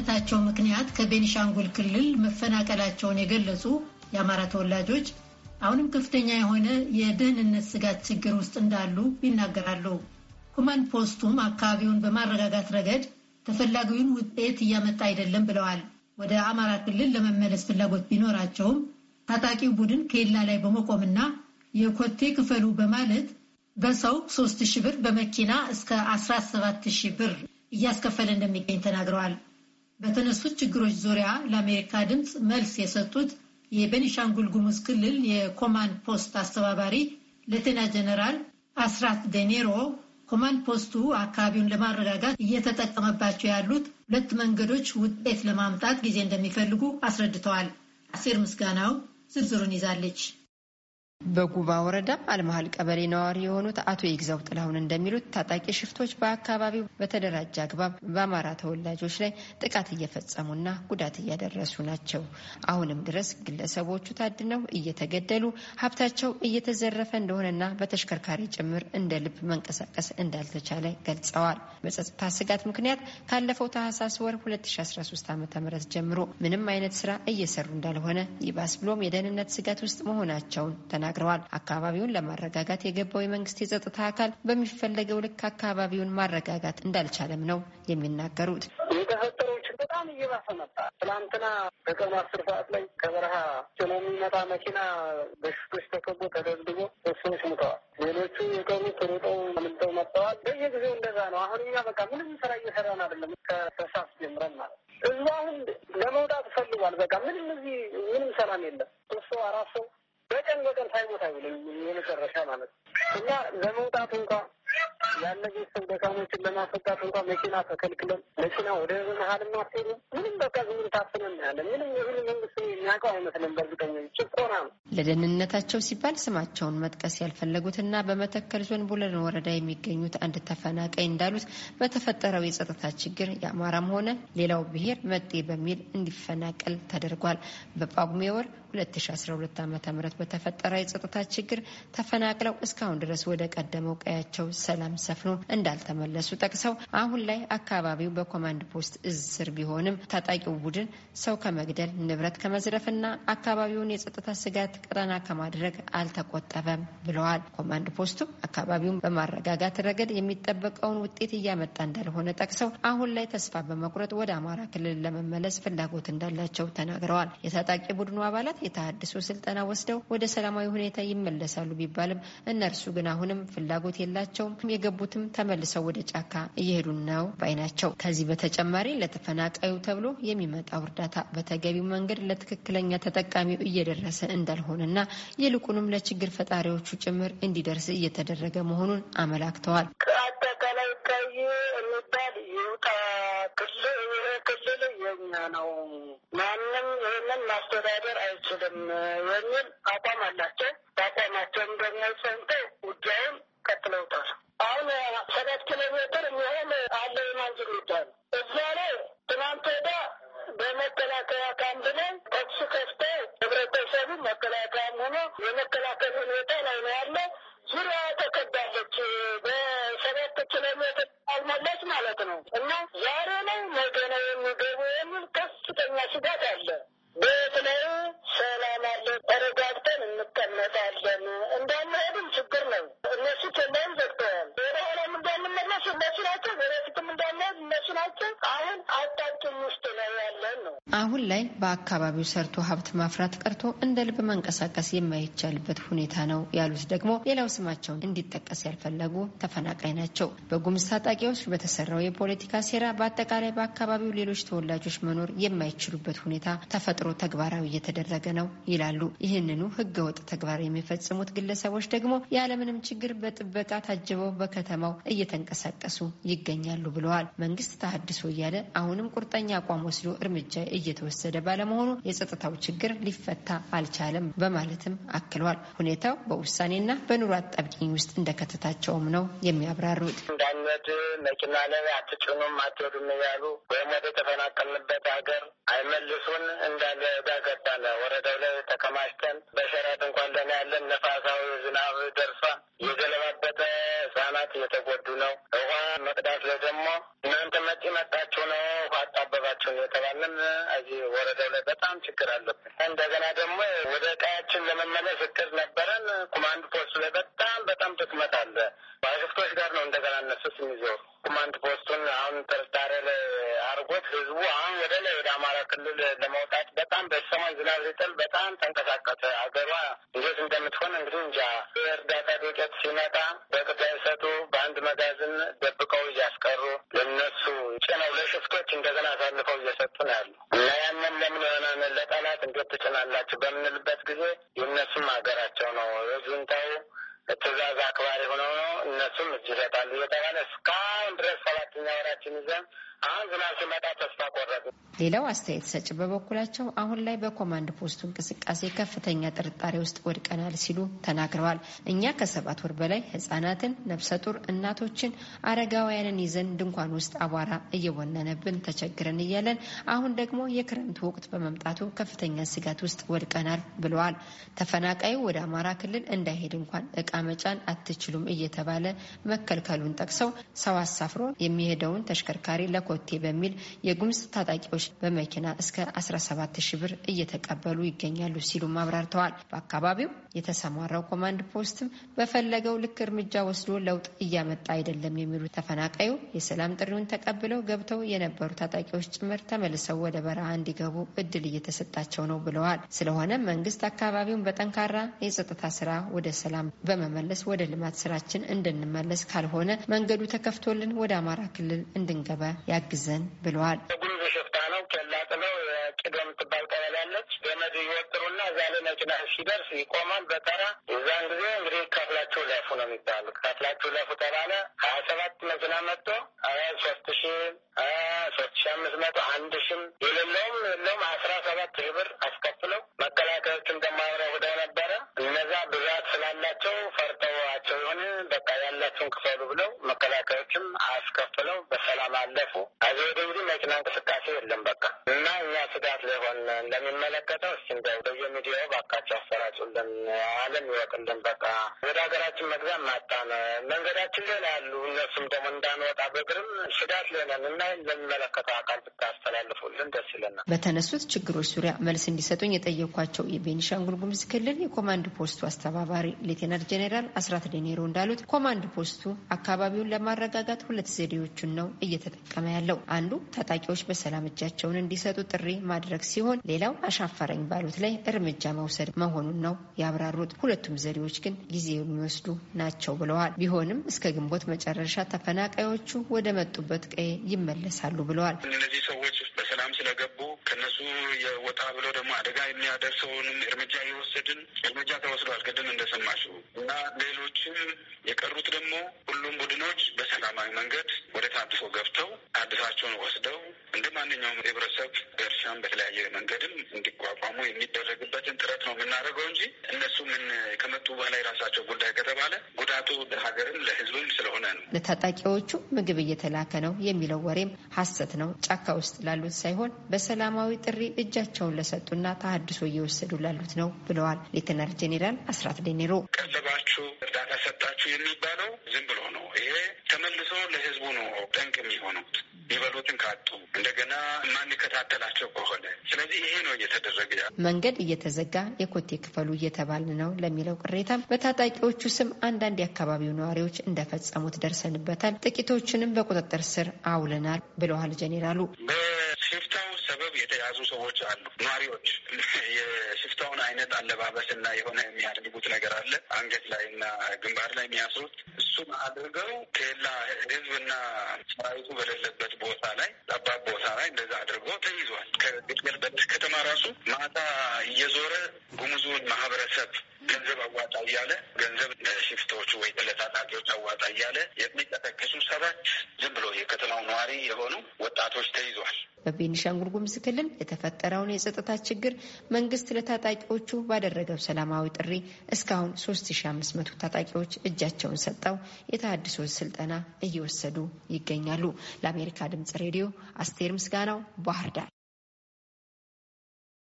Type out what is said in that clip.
በማንነታቸው ምክንያት ከቤኒሻንጉል ክልል መፈናቀላቸውን የገለጹ የአማራ ተወላጆች አሁንም ከፍተኛ የሆነ የደህንነት ስጋት ችግር ውስጥ እንዳሉ ይናገራሉ። ኮማንድ ፖስቱም አካባቢውን በማረጋጋት ረገድ ተፈላጊውን ውጤት እያመጣ አይደለም ብለዋል። ወደ አማራ ክልል ለመመለስ ፍላጎት ቢኖራቸውም ታጣቂው ቡድን ኬላ ላይ በመቆምና የኮቴ ክፈሉ በማለት በሰው 3000 ብር በመኪና እስከ 17000 ብር እያስከፈለ እንደሚገኝ ተናግረዋል። በተነሱት ችግሮች ዙሪያ ለአሜሪካ ድምፅ መልስ የሰጡት የቤኒሻንጉል ጉሙዝ ክልል የኮማንድ ፖስት አስተባባሪ ሌተና ጀነራል አስራት ደኔሮ ኮማንድ ፖስቱ አካባቢውን ለማረጋጋት እየተጠቀመባቸው ያሉት ሁለት መንገዶች ውጤት ለማምጣት ጊዜ እንደሚፈልጉ አስረድተዋል። አሴር ምስጋናው ዝርዝሩን ይዛለች። በጉባ ወረዳ አልመሀል ቀበሌ ነዋሪ የሆኑት አቶ ይግዛው ጥላሁን እንደሚሉት ታጣቂ ሽፍቶች በአካባቢው በተደራጀ አግባብ በአማራ ተወላጆች ላይ ጥቃት እየፈጸሙና ጉዳት እያደረሱ ናቸው። አሁንም ድረስ ግለሰቦቹ ታድነው እየተገደሉ ሀብታቸው እየተዘረፈ እንደሆነና በተሽከርካሪ ጭምር እንደ ልብ መንቀሳቀስ እንዳልተቻለ ገልጸዋል። በጸጥታ ስጋት ምክንያት ካለፈው ታህሳስ ወር 2013 ዓ ም ጀምሮ ምንም አይነት ስራ እየሰሩ እንዳልሆነ ይባስ ብሎም የደህንነት ስጋት ውስጥ መሆናቸውን ተናግረዋል። ተናግረዋል። አካባቢውን ለማረጋጋት የገባው የመንግስት የጸጥታ አካል በሚፈለገው ልክ አካባቢውን ማረጋጋት እንዳልቻለም ነው የሚናገሩት። የተፈጠረው በጣም እየባሰ መጣ። ትላንትና በቀኑ አስር ሰዓት ላይ ከበረሃ ጭኖ የሚመጣ መኪና በሽቶች ተከቦ ተደርድቦ ሰዎች ሙተዋል። ሌሎቹ የቀሩት ሮጠው ምልጠው መጥተዋል። በየጊዜው እንደዛ ነው። አሁን እኛ በቃ ምንም ስራ እየሰራን አይደለም። ከሰሳፍ ጀምረን ማለት እዛ አሁን ለመውጣት ፈልጓል። በቃ ምንም እዚህ ምንም ሰላም የለም። ሶስት ሰው አራት ሰው ቀን በቀን ሳይሞት አይውልም የመጨረሻ ማለት ነው እና ለመውጣት እንኳ ያለ ቤተሰብ ደካሞችን ለማስወጣት እንኳ መኪና ተከልክለን መኪና ወደ መሀል ማስሄዱ ምንም በቃ ዝምን ታፍነን ያለ ምንም የሁሉ መንግስት የሚያውቀው አይመስለን። በእርግጠኛ ጭቆና ነው። ለደህንነታቸው ሲባል ስማቸውን መጥቀስ ያልፈለጉትና በመተከል ዞን ቡለን ወረዳ የሚገኙት አንድ ተፈናቃይ እንዳሉት በተፈጠረው የጸጥታ ችግር የአማራም ሆነ ሌላው ብሔር መጤ በሚል እንዲፈናቀል ተደርጓል። በጳጉሜ ወር 2012 ዓ ም በተፈጠረ የጸጥታ ችግር ተፈናቅለው እስካሁን ድረስ ወደ ቀደመው ቀያቸው ሰላም ሰፍኖ እንዳልተመለሱ ጠቅሰው አሁን ላይ አካባቢው በኮማንድ ፖስት እዝ ስር ቢሆንም ታጣቂው ቡድን ሰው ከመግደል ንብረት ከመዝረፍና አካባቢውን የጸጥታ ስጋት ቀጠና ከማድረግ አልተቆጠበም ብለዋል። ኮማንድ ፖስቱ አካባቢውን በማረጋጋት ረገድ የሚጠበቀውን ውጤት እያመጣ እንዳልሆነ ጠቅሰው አሁን ላይ ተስፋ በመቁረጥ ወደ አማራ ክልል ለመመለስ ፍላጎት እንዳላቸው ተናግረዋል። የታጣቂ ቡድኑ አባላት የተሃድሶ ስልጠና ወስደው ወደ ሰላማዊ ሁኔታ ይመለሳሉ ቢባልም እነርሱ ግን አሁንም ፍላጎት የላቸውም። የገቡትም ተመልሰው ወደ ጫካ እየሄዱ ነው ባይ ናቸው። ከዚህ በተጨማሪ ለተፈናቃዩ ተብሎ የሚመጣው እርዳታ በተገቢው መንገድ ለትክክለኛ ተጠቃሚው እየደረሰ እንዳልሆነና ይልቁንም ለችግር ፈጣሪዎቹ ጭምር እንዲደርስ እየተደረገ መሆኑን አመላክተዋል። ከአጠቃላይ ቀይ የሚባል ይውጣ ክልል የኛ ነው ማነ ይህንን ማስተዳደር አይችልም የሚል አቋም አላቸው። በአቋማቸውም ደግሞ ሰምተው ውጊያውን ቀጥለውታል። አሁን ሰባት ኪሎ ሜትር የሚሆን አለ የማንዝ ሚባል እዛ ላይ ትናንት ወዲያ በመከላከያ ካምፕ ላይ ተኩስ ከፍተ ህብረተሰቡ መከላከያም ሆኖ የመከላከል ሁኔታ ላይ ነው ያለ ዙሪያ ተከባ እነሱ ናቸው፣ ወደፊትም እንዳለ እነሱ ናቸው። አሁን አጣብቂኝ ውስጥ ነው ያለን ነው አሁን ላይ በአካባቢው ሰርቶ ሀብት ማፍራት ቀርቶ እንደ ልብ መንቀሳቀስ የማይቻልበት ሁኔታ ነው ያሉት ደግሞ ሌላው ስማቸውን እንዲጠቀስ ያልፈለጉ ተፈናቃይ ናቸው። በጉምዝ ታጣቂዎች በተሰራው የፖለቲካ ሴራ በአጠቃላይ በአካባቢው ሌሎች ተወላጆች መኖር የማይችሉበት ሁኔታ ተፈጥሮ ተግባራዊ እየተደረገ ነው ይላሉ። ይህንኑ ህገ ወጥ ተግባር የሚፈጽሙት ግለሰቦች ደግሞ ያለምንም ችግር በጥበቃ ታጅበው በከተማው እየተንቀሳቀሱ ይገኛሉ ብለዋል። መንግስት ተሀድሶ እያለ አሁንም ቁርጠኛ አቋም ወስዶ እርምጃ እየተወሰደ ባለመሆኑ የጸጥታው ችግር ሊፈታ አልቻለም በማለትም አክሏል። ሁኔታው በውሳኔና በኑሮ አጣብቂኝ ውስጥ እንደከተታቸውም ነው የሚያብራሩት። እንዳንሄድ መኪና ላይ አትጭኑም አትወዱም እያሉ ወይም ወደ ተፈናቀልንበት ሀገር አይመልሱን እንዳለ ዳገባለ ወረዳው ላይ ተከማችተን በሸራት እንኳን ደህና ያለን ነፋሳዊ ዝናብ ደርሷ የገለባበጠ ህጻናት እየተጎዱ ነው። ውሃ መቅዳት ላይ ደግሞ እናንተ መጪ መጣችሁን አልቻልንም። እዚህ ወረዳው ላይ በጣም ችግር አለብን። እንደገና ደግሞ ወደ ቀያችን ለመመለስ እቅድ ነበረን። ኮማንድ ፖስቱ ላይ በጣም በጣም ድክመት አለ። ባሽፍቶች ጋር ነው እንደገና እነሱ ስንዞር ኮማንድ ፖስቱን አሁን ጥርጣሬ ላይ አድርጎት ህዝቡ አሁን ወደ ላይ ወደ አማራ ክልል ለመውጣት በጣም በሰሞን ዝናብ ሲጥል በጣም ተንቀሳቀሰ። ሀገሯ እንዴት እንደምትሆን እንግዲህ እንጃ። እርዳታ ዱቄት ሲመጣ በቅጣ ይሰጡ በአንድ መጋዘን ደብቀው እያስቀሩ ለነሱ ጭነው ለሽፍቶች እንደገና አሳልፈው እየሰጡ ነው ያሉ እና ያንን ለምን የሆነን ለጠላት እንዴት ትጭናላችሁ በምንልበት ጊዜ የእነሱም ሀገራቸው ነው ጁንታው ትእዛዝ አክባሪ ሆነው እነሱም እጅ ይሰጣሉ እየተባለ እስካሁን ድረስ ሰባት ዲዛይናችን ይዘን አሁን ዝናብ ሲመጣ ተስፋ ቆረጡ። ሌላው አስተያየት ሰጭ በበኩላቸው አሁን ላይ በኮማንድ ፖስቱ እንቅስቃሴ ከፍተኛ ጥርጣሬ ውስጥ ወድቀናል ሲሉ ተናግረዋል። እኛ ከሰባት ወር በላይ ህጻናትን፣ ነፍሰ ጡር እናቶችን፣ አረጋውያንን ይዘን ድንኳን ውስጥ አቧራ እየቦነነብን ተቸግረን እያለን አሁን ደግሞ የክረምት ወቅት በመምጣቱ ከፍተኛ ስጋት ውስጥ ወድቀናል ብለዋል። ተፈናቃዩ ወደ አማራ ክልል እንዳይሄድ እንኳን እቃ መጫን አትችሉም እየተባለ መከልከሉን ጠቅሰው ሰው አሳፍሮ የሚሄ የሄደውን ተሽከርካሪ ለኮቴ በሚል የጉምዝ ታጣቂዎች በመኪና እስከ 17 ሺ ብር እየተቀበሉ ይገኛሉ ሲሉም አብራርተዋል። በአካባቢው የተሰማራው ኮማንድ ፖስትም በፈለገው ልክ እርምጃ ወስዶ ለውጥ እያመጣ አይደለም የሚሉ ተፈናቃዩ የሰላም ጥሪውን ተቀብለው ገብተው የነበሩ ታጣቂዎች ጭምር ተመልሰው ወደ በረሃ እንዲገቡ እድል እየተሰጣቸው ነው ብለዋል። ስለሆነ መንግስት አካባቢውን በጠንካራ የጸጥታ ስራ ወደ ሰላም በመመለስ ወደ ልማት ስራችን እንድንመለስ ካልሆነ መንገዱ ተከፍቶልን ወደ አማራ ክልል እንድንገባ ያግዘን ብለዋል። ጭዶ የምትባል ቀበሌ አለች። ገመድ ይወጥሩና እዛ ላይ መኪና ሲደርስ ይቆማል በተራ እዛን ጊዜ እንግዲህ ከፍላችሁ ለፉ ነው የሚባሉ ከፍላችሁ ለፉ ተባለ። ሀያ ሰባት መኪና መጥቶ ሶስት ሺ ሶስት ሺ አምስት መቶ አንድ ሺም የሌለውም የሌለውም አስራ ሰባት ሺህ ብር አስከ እባካቸው አሰራጩልን፣ ዓለም ይወቅልን። በቃ ወደ ሀገራችን መግዛም ማጣን መንገዳችን ላይ ያሉ እነሱም ደግሞ እንዳንወጣ በእግርም ስጋት ሊሆነን እና ለሚመለከተው አካል ብታስተላልፉልን ደስ ይለናል። በተነሱት ችግሮች ዙሪያ መልስ እንዲሰጡኝ የጠየኳቸው የቤኒሻንጉል ጉምዝ ክልል የኮማንድ ፖስቱ አስተባባሪ ሌቴናል ጄኔራል አስራት ዴኔሮ እንዳሉት ኮማንድ ፖስቱ አካባቢውን ለማረጋጋት ሁለት ዘዴዎቹን ነው እየተጠቀመ ያለው። አንዱ ታጣቂዎች በሰላም እጃቸውን እንዲሰጡ ጥሪ ማድረግ ሲሆን፣ ሌላው አሻፈረኝ ባሉት ላይ እርምጃ እርምጃ መውሰድ መሆኑን ነው ያብራሩት። ሁለቱም ዘዴዎች ግን ጊዜ የሚወስዱ ናቸው ብለዋል። ቢሆንም እስከ ግንቦት መጨረሻ ተፈናቃዮቹ ወደ መጡበት ቀዬ ይመለሳሉ ብለዋል። እነዚህ ሰዎች በሰላም ስለገቡ ከነሱ የወጣ ብለው ደግሞ አደጋ የሚያደርሰውንም እርምጃ የወሰድን እርምጃ ተወስዷል። ቅድም እንደሰማችሁ እና ሌሎችም የቀሩት ደግሞ ሁሉም ቡድኖች በሰላማዊ መንገድ ወደ ታድሶ ገብተው ታድሳቸውን ወስደው እንደ ማንኛውም ህብረተሰብ በእርሻም በተለያየ መንገድም እንዲቋቋሙ የሚደረግበትን ጥረት ነው የምናደርገው እንጂ እነሱ ምን ከመጡ በኋላ የራሳቸው ጉዳይ ከተባለ ጉዳቱ ለሀገርም ለህዝብም ስለሆነ ነው። ለታጣቂዎቹ ምግብ እየተላከ ነው የሚለው ወሬም ሀሰት ነው። ጫካ ውስጥ ላሉት ሳይሆን በሰላማዊ ጥሪ እጃቸውን ለሰጡና ተሀድሶ እየወሰዱ ላሉት ነው ብለዋል ሌተናር ጄኔራል አስራት ዴኔሮ። ቀለባችሁ እርዳታ ሰጣችሁ የሚባለው ዝም ብሎ ነው። ይሄ ተመልሶ ለህዝቡ ነው ጠንቅ የሚሆነው። የበሉትን ካጡ እንደገና የማንከታተላቸው ከሆነ ስለዚህ ይሄ ነው እየተደረገ ያ መንገድ እየተዘጋ የኮቴ ክፈሉ እየተባል ነው ለሚለው ቅሬታ በታጣቂዎቹ ስም አንዳንድ የአካባቢው ነዋሪዎች እንደፈጸሙት ደርሰንበታል፣ ጥቂቶችንም በቁጥጥር ስር አውለናል ብለዋል ጄኔራሉ። በሽፍታ ሰበብ የተያዙ ሰዎች አሉ። ነዋሪዎች የሽፍታውን አይነት አለባበስ እና የሆነ የሚያድጉት ነገር አለ አንገት ላይ እና ግንባር ላይ የሚያስሩት እሱን አድርገው ከላ ህዝብ ህዝብና ሰራዊቱ በሌለበት ቦታ ላይ ጠባብ ቦታ ላይ እንደዛ አድርጎ ተይዟል። ከገልበት ከተማ ራሱ ማታ እየዞረ ጉሙዙን ማህበረሰብ ገንዘብ አዋጣ እያለ ገንዘብ ለሽፍቶቹ ወይ ለታጣቂዎች አዋጣ እያለ የሚቀሰቅሱ ሰባት ዝም ብሎ የከተማው ነዋሪ የሆኑ ወጣቶች በቤኒሻንጉል ጉምዝ ክልል የተፈጠረውን የጸጥታ ችግር መንግስት ለታጣቂዎቹ ባደረገው ሰላማዊ ጥሪ እስካሁን 3500 ታጣቂዎች እጃቸውን ሰጠው የተሃድሶ ስልጠና እየወሰዱ ይገኛሉ። ለአሜሪካ ድምጽ ሬዲዮ አስቴር ምስጋናው ባህር ዳር